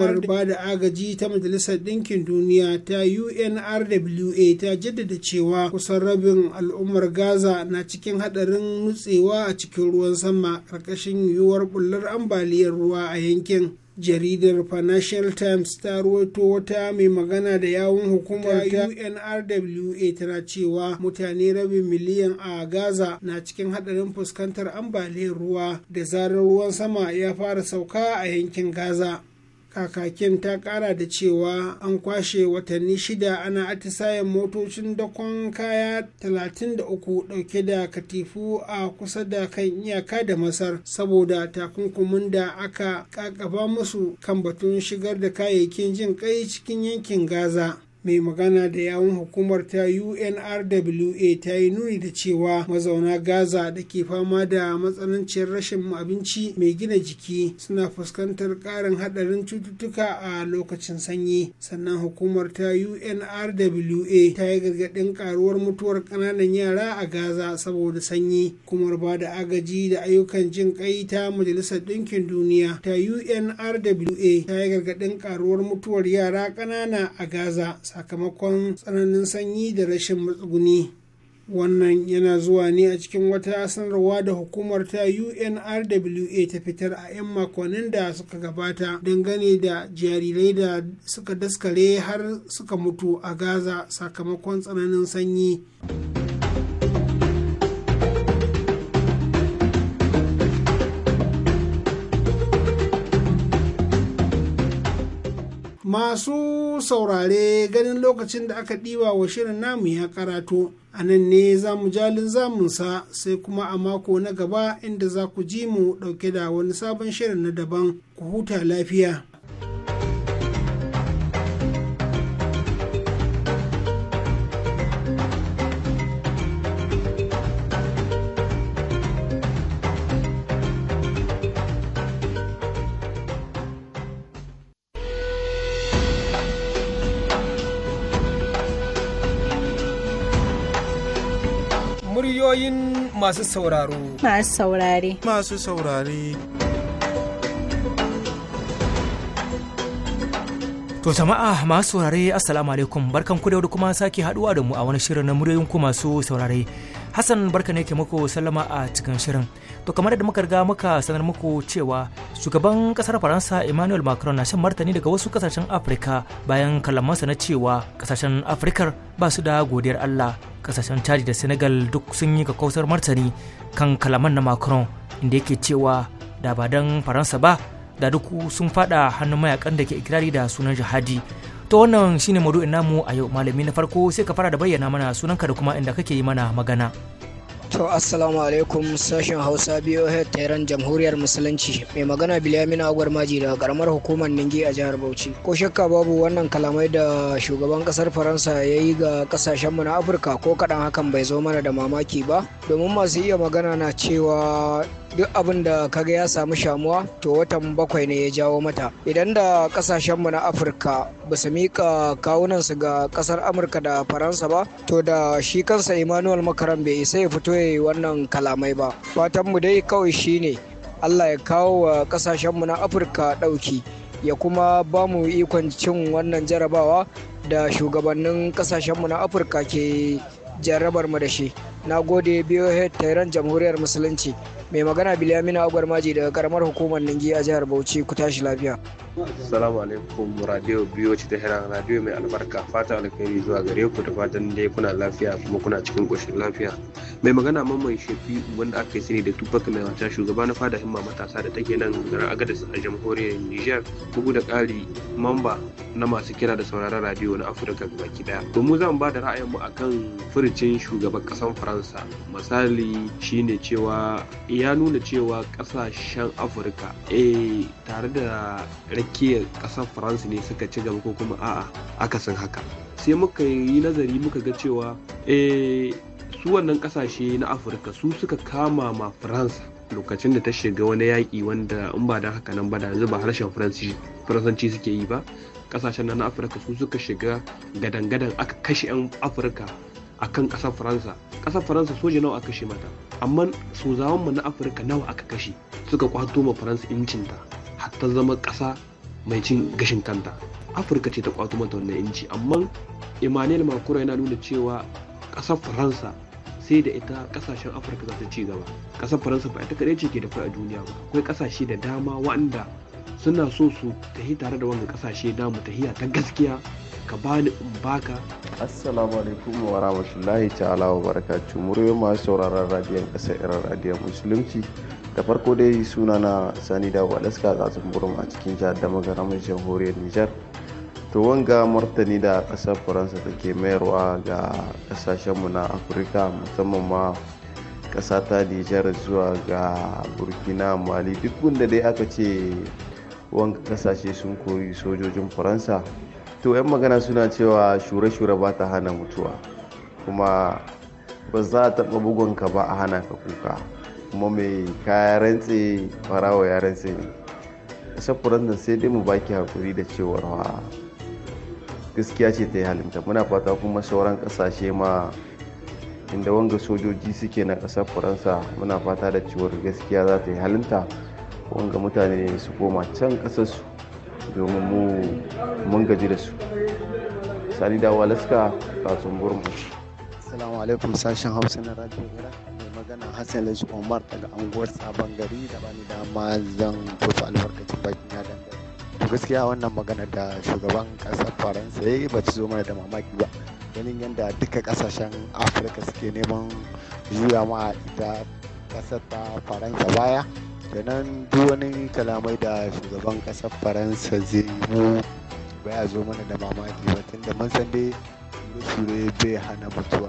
unr ba da agaji ta majalisar ɗinkin duniya ta unrwa ta jaddada cewa kusan rabin al'ummar gaza na cikin haɗarin nutsewa a cikin ruwan sama ƙarƙashin yiwuwar bullar ambaliyar ruwa a yankin jaridar financial times ta ruwaito wata mai magana da yawun hukumar ta unrwa tana cewa mutane rabin miliyan a gaza na cikin hadarin fuskantar ambaliyar ruwa da zarar ruwan sama ya fara sauka a yankin gaza kakakin ta kara da cewa an kwashe watanni shida ana atisayen motocin dakon kaya 33 dauke da katifu a kusa da kan iyaka da masar saboda takunkumin da aka kakaba musu kan batun shigar da kayayyakin jin kai cikin yankin gaza mai magana da yawun hukumar ta unrwa ta yi nuni da cewa mazauna gaza da ke fama da matsananciyar rashin abinci mai gina jiki suna fuskantar karin hadarin cututtuka a lokacin sanyi sannan hukumar ta unrwa ta yi gargadin karuwar mutuwar ƙananan yara a gaza saboda sanyi kuma ba da agaji da ayyukan jin kai ta majalisar ɗinkin duniya ta unrwa ta yi gargadin karuwar mutuwar yara ƙanana a gaza sakamakon tsananin sanyi da rashin matsuguni wannan yana zuwa ne a cikin wata sanarwa da hukumar ta unrwa ta fitar a 'yan makonnin da suka gabata dangane da jarirai da suka daskare har suka mutu a gaza sakamakon tsananin sanyi. masu saurare ganin lokacin da aka ɗiba wa shirin namu ya karatu a nan ne za mu jalin zamunsa sai kuma a mako na gaba inda za ku ji mu ɗauke da wani sabon shirin na daban ku huta lafiya masu sauraro. Masu saurare. Masu saurare. To jama'a masu saurare assalamu alaikum barkan ku da kuma sake haduwa da mu a wani shirin na muryoyin ku masu saurare. Hassan barka ne ke muku sallama a cikin shirin. To kamar da muka riga muka sanar muku cewa shugaban kasar Faransa Emmanuel Macron na shan martani daga wasu kasashen Afirka bayan kalamansa na cewa kasashen Afrikar ba su da godiyar Allah. Kasashen Chad da Senegal duk sun yi kakausar martani kan kalaman na Macron inda yake cewa da ba dan Faransa ba da duk sun fada hannun mayakan da ke ikirari da sunan jihadi. To wannan shine maudu'in namu a yau malami na farko sai ka fara da bayyana mana sunanka da kuma inda kake yi mana magana. To assalamu alaikum sashen Hausa biyo Tehran Jamhuriyar Musulunci mai magana Bilyamin Agwar Maji daga karamar hukumar Ningi a jihar Bauchi. Ko shakka babu wannan kalamai da shugaban kasar Faransa ya yi ga kasashen mu na Afirka ko kadan hakan bai zo mana da mamaki ba domin masu iya magana na cewa duk abin da kaga ya samu shamuwa to watan bakwai ne ya jawo mata idan da mu na afirka ba su miƙa kawunansu ga kasar amurka da faransa ba to da shi kansa emmanuel makaran bai isa ya fito ɓoye wannan kalamai ba fatan mu dai kawai shine allah ya kawo wa ƙasashenmu na afirka ɗauki ya kuma ba mu ikon cin wannan jarabawa da shugabannin ƙasashenmu na afirka ke jarabar mu da shi na gode biyo tairan jamhuriyar musulunci mai magana agwar maji daga karamar hukumar ningi a jihar bauchi ku tashi lafiya Assalamu alaikum radio biyo ci Tehran radio mai albarka fata alkhairi zuwa gare ku da fatan dai kuna lafiya kuma kuna cikin koshin lafiya. Mai magana mamman shafi wanda aka yi sani da Tupac mai wata shugaba na fada himma matasa da take nan garin Agadez a jamhuriyar Niger bugu da ƙari mamba na masu kira da sauraron radio na Afirka baki daya. To mu zan ba da ra'ayin mu akan furucin shugaban kasan Faransa misali shine cewa ya nuna cewa kasashen afirka e tare da rakiyar kasar faransa ne suka ci gaba ko kuma a'a akasin haka sai muka yi nazari muka ga cewa eh su wannan kasashe na afirka su suka kama ma faransa lokacin da ta shiga wani yaƙi wanda in ba don haka nan ba da yanzu ba harshen faransanci suke yi ba kasashen na afirka su suka shiga gadan-gadan aka kashe 'yan afirka akan ƙasar faransa ƙasar faransa soja nawa aka kashe mata amma su mu na afirka nawa aka kashe suka kwato ma faransa incinta hatta zama ƙasa mai cin gashin kanta afirka ce ta kwato mata wannan inci amma emmanuel makura yana nuna cewa ƙasar faransa sai da ita kasashen afirka za ta ci gaba ƙasar faransa ba ita kaɗai ce ke da a duniya ba akwai ƙasashe da dama wanda suna so su tafi tare da wannan ƙasashe namu tahiya ta gaskiya ka bani in baka assalamu alaikum wa rahmatullahi ta'ala wa barakatuh muryoyin masu sauraron radiyon kasar irin radiyon musulunci da farko dai suna na sani da walaska zazen burin a cikin jihar da magaramin jamhuriyar nijar to wanga martani da kasar faransa da ke mayarwa ga kasashenmu na afirka musamman ma kasa ta nijar zuwa ga burkina mali duk wanda dai aka ce wanga kasashe sun koyi sojojin faransa to 'yan magana suna cewa shure-shure ba ta hana mutuwa kuma ba za a taɓa ka ba a hana ka kuka kuma mai kaya rantse farawa ya rantse ne shafuran nan sai dai mu baki hakuri da cewar wa gaskiya ce ta yi halinta muna fata kuma sauran kasashe ma inda wanga sojoji suke na ƙasar faransa muna fata da cewar gaskiya za ta yi halinta wanga mutane su koma can ƙasarsu domin mu mun gaji da su sani da walaska kasuwan gurmu assalamu alaikum sashen hausa na radio iran mai magana hassan lashi omar daga anguwar sabon gari da bani dama zan fito albarkacin bakin ya dangare gaskiya wannan magana da shugaban kasar faransa ya yi bata zo mana da mamaki ba ganin yadda duka kasashen afirka suke neman juya ma ita kasar ta faransa baya nan duk wani kalamai da shugaban ƙasar faransa zai yi mu baya zo mana da mamaki ba da mun san dai sure bai hana mutuwa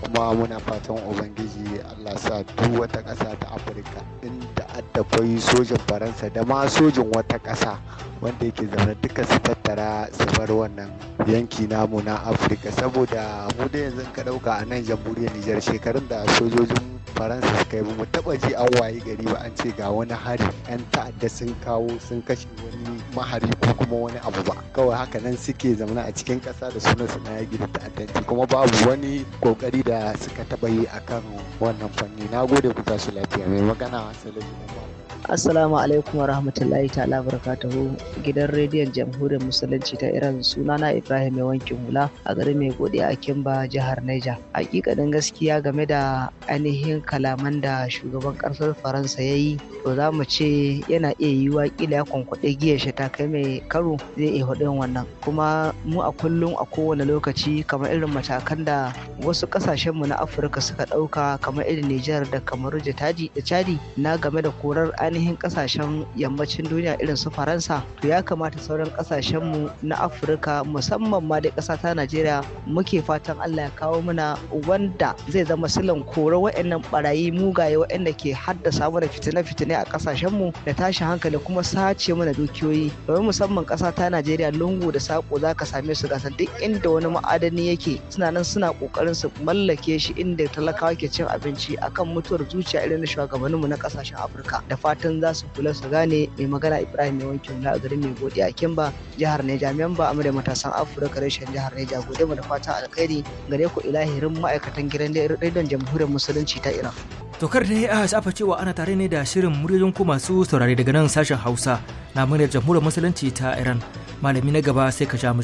kuma muna fatan ubangiji allah sa duk wata ƙasa ta afirka inda adda sojin faransa da ma sojin wata ƙasa wanda yake zaune duka su tattara su bar wannan yanki namu na afirka saboda mu da yanzu ka dauka a nan jamhuriyar nijar shekarun da sojojin faransa suka yi mu taba ji an waye gari ba an ce ga wani hari yan ta'adda sun kawo sun kashe wani mahari ko kuma wani abu ba kawai haka nan suke zamana a cikin kasa da sunan su na yaki da ta'addanci kuma babu wani kokari da suka taba yi akan wannan fanni na gode ku tashi lafiya mai magana salamu alaikum Assalamu alaikum wa rahmatullahi ta'ala barakatuhu gidan rediyon jamhuriyar musulunci ta Iran sunana Ibrahim mai hula a garin mai gode a Kimba jihar Neja. Hakikanin gaskiya game da ainihin kalaman da shugaban ƙasar Faransa ya yi to za mu ce yana iya yiwuwa kila ya kwankwaɗe giyar shi ta kai mai karo zai iya hudu wannan kuma mu a kullum a kowane lokaci kamar irin matakan da wasu ƙasashen mu na Afirka suka ɗauka kamar irin Nijar da kamar da Chadi na game da korar ainihin kasashen yammacin duniya irin su faransa to ya kamata sauran kasashen mu na afirka musamman ma da kasa ta najeriya muke fatan allah ya kawo mana wanda zai zama silan koro wa'annan barayi mugaye wa'anda ke haddasa mana fitine-fitine a kasashen mu da tashin hankali kuma sace mana dukiyoyi domin musamman kasa ta najeriya lungu da sako za ka same su gasar duk inda wani ma'adani yake suna nan suna kokarin su mallake shi inda talakawa ke cin abinci akan mutuwar zuciya irin na shugabanninmu na kasashen afirka da fatan fatan za su kula su gane mai magana Ibrahim mai wanke hula a garin mai godi a Kimba jihar Neja memba amma da matasan Afirka reshen jihar Neja gode mu da fatan alkhairi gare ku ilahirin ma'aikatan gidan rediyon jamhuriyar musulunci ta Iran. Tokar da ya shafa cewa ana tare ne da shirin muryoyin ku masu saurare daga nan sashen Hausa na muryar jamhuriyar musulunci ta Iran malami na gaba sai ka sha mu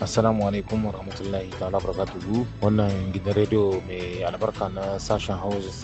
Assalamu alaikum warahmatullahi ta'ala barakatuhu wannan gidan rediyo mai albarka na sashen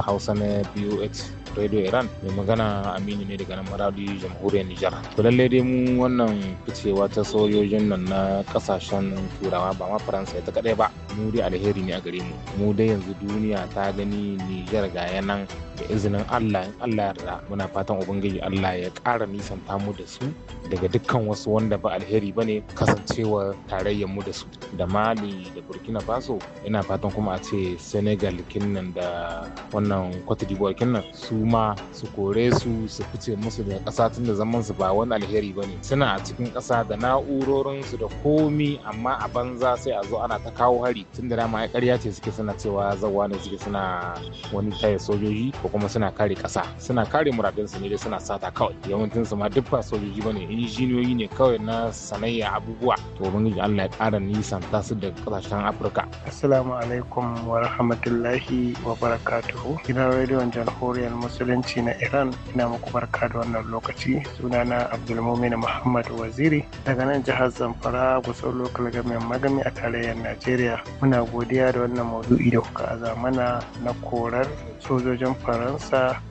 Hausa na BOX radio iran mai magana aminu ne daga nan maradi jamhuriyar nijar to lalle dai mu wannan ficewa ta sojojin nan na kasashen turawa ba ma faransa ita kadai ba mu dai alheri ne a gare mu mu dai yanzu duniya ta gani nijar ga yanan da izinin allah in allah yarda muna fatan ubangiji allah ya ƙara nisanta mu da su daga dukkan wasu wanda ba alheri ba ne kasancewa tarayyar mu da su da mali da burkina faso ina fatan kuma a ce senegal kinnan da wannan cote d'ivoire kinnan su Kuma su kore su su fice musu da ƙasa tun da zaman su ba wani alheri ba ne suna a cikin ƙasa da na'urorin su da komi amma a banza sai a zo ana ta kawo hari tun da dama ya ƙarya ce suke suna cewa zawa ne suke suna wani taya sojoji ko kuma suna kare ƙasa suna kare muradun su ne dai suna sata kawai yawancin su ma duk ba sojoji ba ne injiniyoyi ne kawai na sanayya abubuwa to ubangiji Allah ya ƙara nisan tasu da ƙasashen Afirka. Assalamu alaikum wa rahmatullahi wa barakatuhu. Gidan rediyon jamhuriyar musulunci na iran ina muku barka da wannan lokaci sunana abdulmumin muhammad waziri daga nan jihar zamfara gusau lokal gamin magami a tarayyar najeriya muna godiya da wannan maudu'i da kuka aza mana na korar sojojin faransa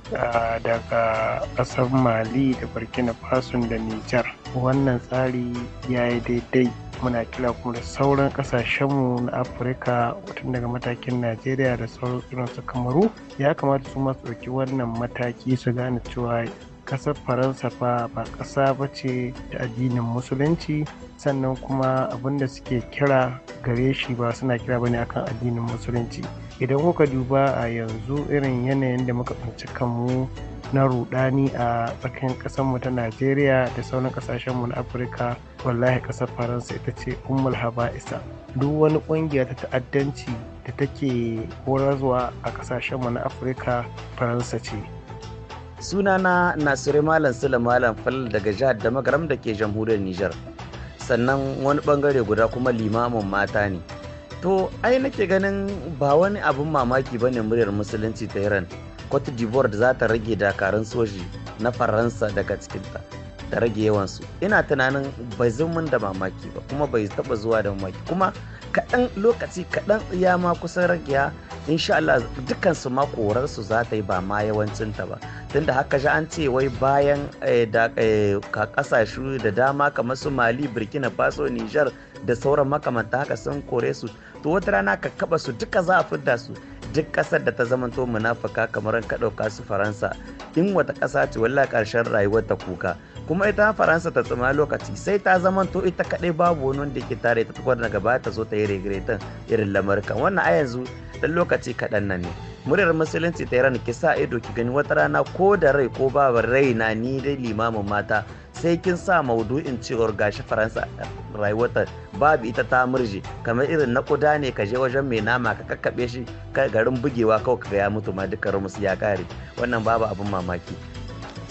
daga ƙasar mali da burkina faso da nijar wannan tsari ya yi daidai muna kira kuma da sauran kasashenmu na afirka tun daga matakin najeriya da sauran irin kamaru ya kamata su masu ɗauki wannan mataki su gane cewa kasar faransa fa ba ƙasa ba ce ta addinin musulunci sannan kuma abinda suke kira gare shi ba suna kira bane akan addinin musulunci idan kuka duba a yanzu irin yanayin da muka tsinci kanmu na ruɗani a tsakanin ƙasarmu ta najeriya da sauran ƙasashenmu na afirka wallahi ƙasar faransa ita ce ummul haba'isa duk wani ƙungiya ta ta'addanci da take horarwa a ƙasashenmu na afirka faransa ce sunana nasiru malam sula malam falal daga jihar da magaram da ke jamhuriyar nijar sannan wani ɓangare guda kuma limamin mata ne to ai nake ganin ba wani abin mamaki ba ne muryar musulunci ta iran cote d'ivoire da za ta rage dakarun soji na faransa daga cikinta ta rage yawansu ina tunanin bai zo min da mamaki ba kuma bai taba zuwa da mamaki kuma kaɗan lokaci kaɗan ya ma kusan ya insha Allah dukansu ma korarsu za ta yi ba ma yawancinta ba tunda haka ji an ce wai bayan eh, da eh, kasashe da dama kamar su mali burkina faso nijar. da sauran makamanta haka sun kore su to wata rana ka kaba su duka za a fidda su duk kasar da ta zamanto munafuka kamar ka dauka su faransa in wata ƙasa ce wallahi ƙarshen rayuwar ta kuka kuma ita faransa ta tsima lokaci sai ta zama to ita kadai babu wani wanda ke tare ta tukwar daga baya ta zo ta yi regretan irin lamarka wannan a yanzu dan lokaci kaɗan nan ne muryar musulunci ta rana, ki sa ido ki gani wata rana ko da rai ko babu rai na ni dai limamin mata sai kin sa maudu'in cewar gashi faransa Rayuwata babu ita ta murje kamar irin na kuda ne ka je wajen mai nama ka kakkaɓe shi garin bugewa kawai ka ga ya mutu ma dukkan musu ya kare wannan babu abin mamaki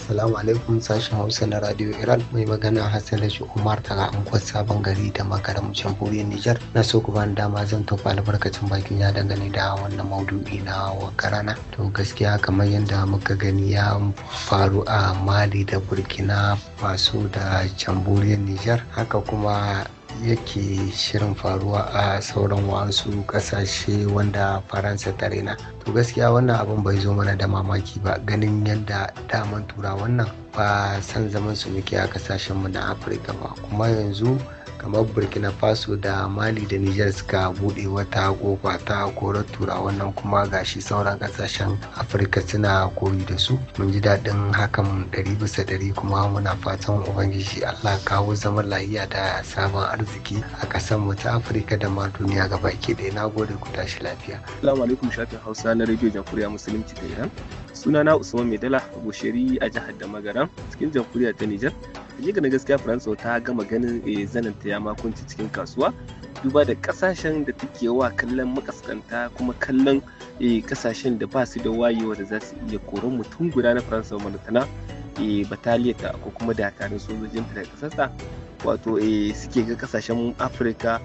Assalamu alaikum sashen Hausa na Radio Iran mai magana Hassan Rashi Umar ga Angon Sabon Gari da Makaram Jamhuriyar Nijar. Na so ku bani dama zan tafi albarkacin bakin ya dangane da wannan maudu'i na wakarana. To gaskiya kamar yadda muka gani ya faru a Mali da Burkina Faso da Jamhuriyar Nijar. Haka kuma yake shirin faruwa a sauran wasu kasashe wanda faransa ta rena to gaskiya wannan abin bai zo mana da mamaki ba ganin yadda daman tura wannan ba san zaman su muke a mu na afirka ba kuma yanzu kamar burkina faso da mali da niger suka bude wata kofa ta korar turawa wannan kuma gashi sauran kasashen afirka suna koyi da su mun ji daɗin hakan ɗari bisa ɗari kuma muna fatan ubangiji allah kawo zaman lahiya da sabon arziki a ƙasar mu ta afirka da ma duniya gaba ke ɗaya na gode ku tashi lafiya assalamu alaikum shafin hausa na rediyo jamhuriyar musulunci ta iran sunana usman maidala gosheri a jihar damagaram magaran cikin jamhuriyar ta nijar na gaskiya faransa ta gama ganin eh, zananta ya makunci cikin kasuwa duba da kasashen da take wa kallon makaskanta kuma kallon kasashen eh, da ba su da wayewa da za su iya koron mutum guda na faransa malatana eh, bataliyata ko kuma dakarun sojojin ta daga kasarsa wato suke ga kasashen afirka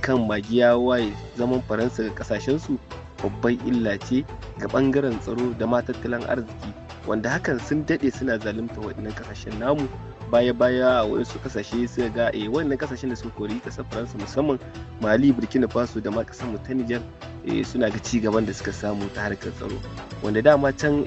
kan magiya waye zaman faransa ga kasashensu babban illa ce ga ɓangaren tsaro da ma tattalin arziki wanda hakan sun daɗe suna zalunta waɗannan kasashen namu baya-baya a wasu kasashe suka ga e wannan kasashen da suka kori kasar faransa musamman mali burkina faso da ma kasar mu ta nijar eh, suna ga ci gaban da suka samu ta harkar tsaro wanda dama can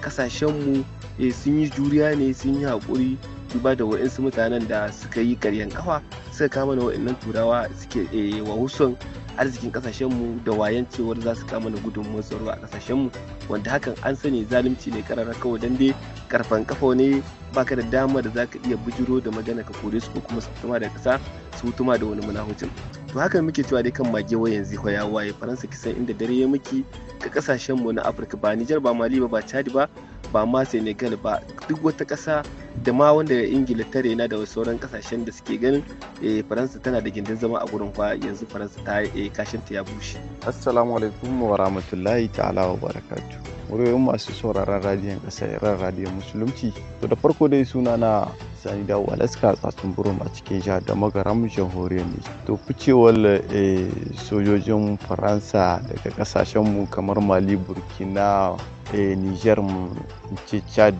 kasashen eh, mu sun yi juriya ne sun yi haƙuri duba da wa'insu mutanen da suka yi karyan kafa suka kama na wa'annan turawa suke wa huson arzikin mu da wayan cewar za su kama na gudunmuwar tsaro a kasashen mu wanda hakan an sani zalunci ne kararra kawai dan dai karfan kafa ne baka da dama da zaka iya bujiro da magana ka kore su ko kuma su tuma da kasa su tuma da wani manahucin to haka muke cewa dai kan mage wa yanzu hoya waye faransa kisan inda dare ya miki ka kasashen mu na afirka ba niger ba mali ba ba chad ba ba ma senegal ba duk wata kasa da ma wanda ingila ta rena da sauran kasashen da suke ganin eh, faransa tana da gindin zama a gurin kwa yanzu faransa ta eh, kashin ta ya bushe assalamu alaikum wa rahmatullahi ta'ala wa barakatu wuri masu sauraron radiyon ƙasa iran radiyon musulunci to da farko dai suna na sani dawo a tsatsun burum a cikin jihar da magaram jamhuriyar ne to ficewar eh, sojojin faransa daga kasashen mu kamar mali burkina eh, niger ce chad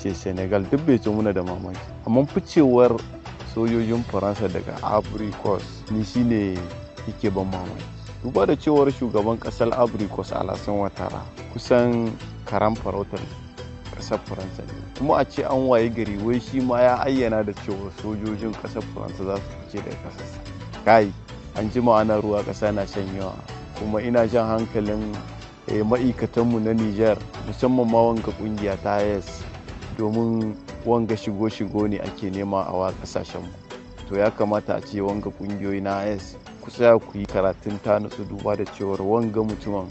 ce senegal duk bai muna da mamaki amma ficewar sojojin faransa daga abricos ni shine yake ban mamaki duba da cewar shugaban kasar abricos alasan watara kusan karam farautar kasar faransa ne kuma a ce an waye gari wai shi ma ya ayyana da cewa sojojin ƙasar faransa za su fice daga ƙasarsa kai an ji ana ruwa ƙasa na shan yawa kuma ina jan hankalin eh, ma'aikatanmu na niger musamman ma wanga ƙungiya ta yes domin wanga shigo-shigo ne ake nema a wa ƙasashenmu to ya kamata a ce wanga ƙungiyoyi na yes kusa ku yi karatun ta nutsu duba da cewar wanga mutumin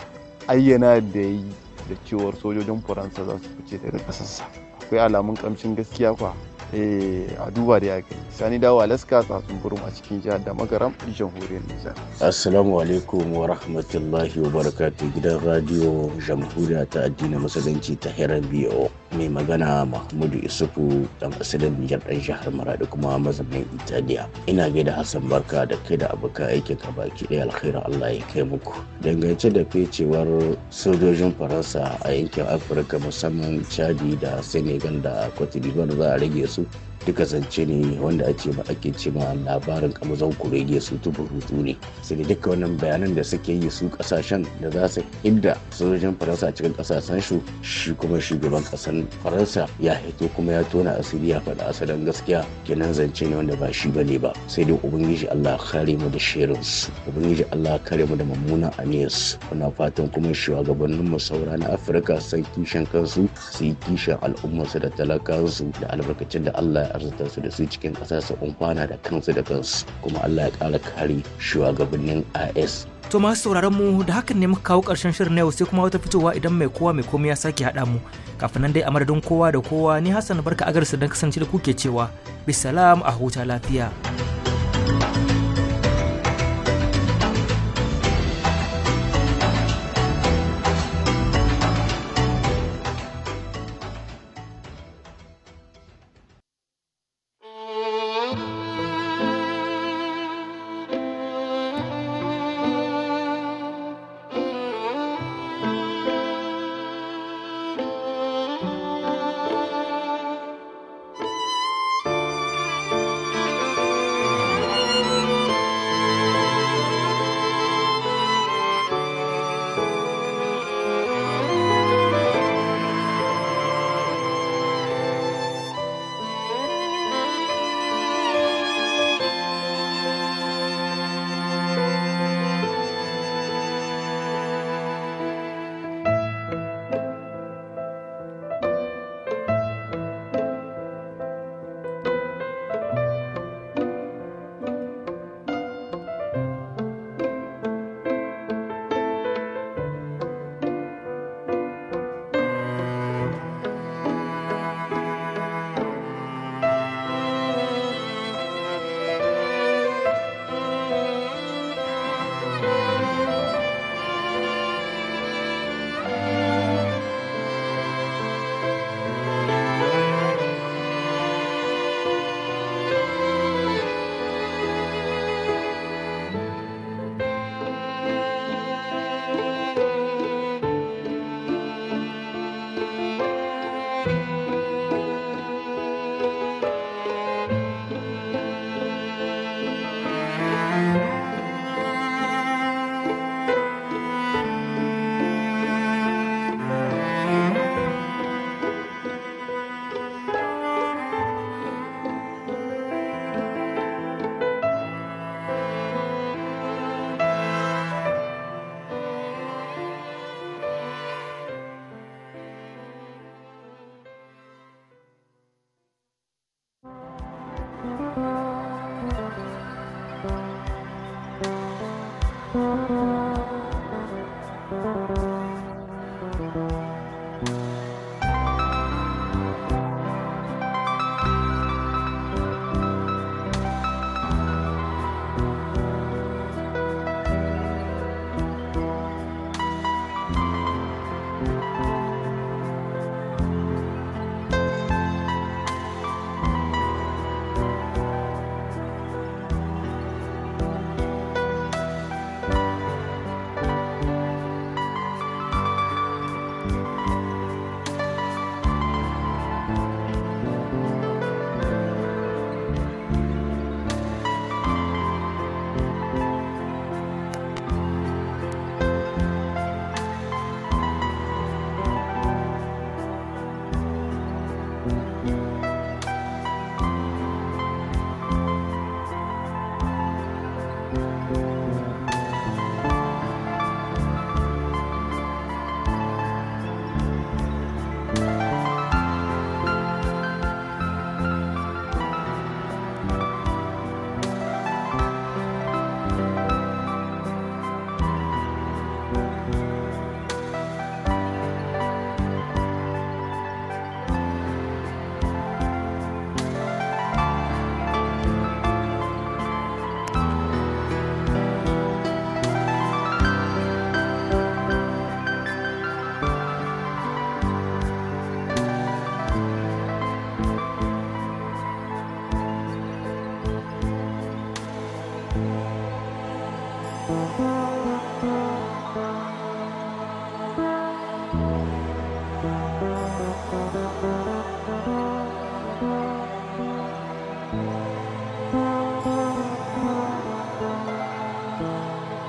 ayyana da ya yi da cewar sojojin faransa za su fice daga ƙasarsa akwai alamun ƙamshin gaskiya kuwa Eh, a duba da ya sani dawo alaska tsatsun burma cikin jihar da magaram jamhuriyar nijar assalamu alaikum wa rahmatullahi wa barakatu gidan radio jamhuriya ta addinin musulunci ta heran biyo mai magana mahmudu isufu dan asalin nijar dan jihar maradi kuma mazaunin italiya ina gaida hassan barka da kai da abokan aikin ka baki ɗaya alkhairar allah ya kai muku dangance da fecewar sojojin faransa a yankin afirka musamman chadi da senegal da cote d'ivoire za a rage su Sul. duka zance ne wanda ake ba ake ce ma labarin kamazon kurege su hutu ne sai da duka wannan bayanan da suke yi su kasashen da za su inda sojojin faransa a cikin kasashen su shi kuma shugaban kasan faransa ya haito kuma ya tona asiri ya faɗa asalin gaskiya kenan zance ne wanda ba shi ne ba sai dai ubangiji allah kare mu da shirinsu ubangiji allah kare mu da mummunan aniyarsu muna fatan kuma shugabannin mu saura na afirka sai kishin kansu su yi kishin al'ummarsu da talakansu da albarkacin da allah arzuta da su cikin ƙasa su umfana da kansu da kansu kuma Allah ya ƙara kare shugabannin IS. To masu sauraron mu da hakan ne muka kawo karshen shirin na yau sai kuma wata fitowa idan mai kowa mai komai ya sake haɗa mu kafin nan dai a madadin kowa da kowa ni Hassan barka agarsa don kasance da kuke cewa bisalam a huta lafiya.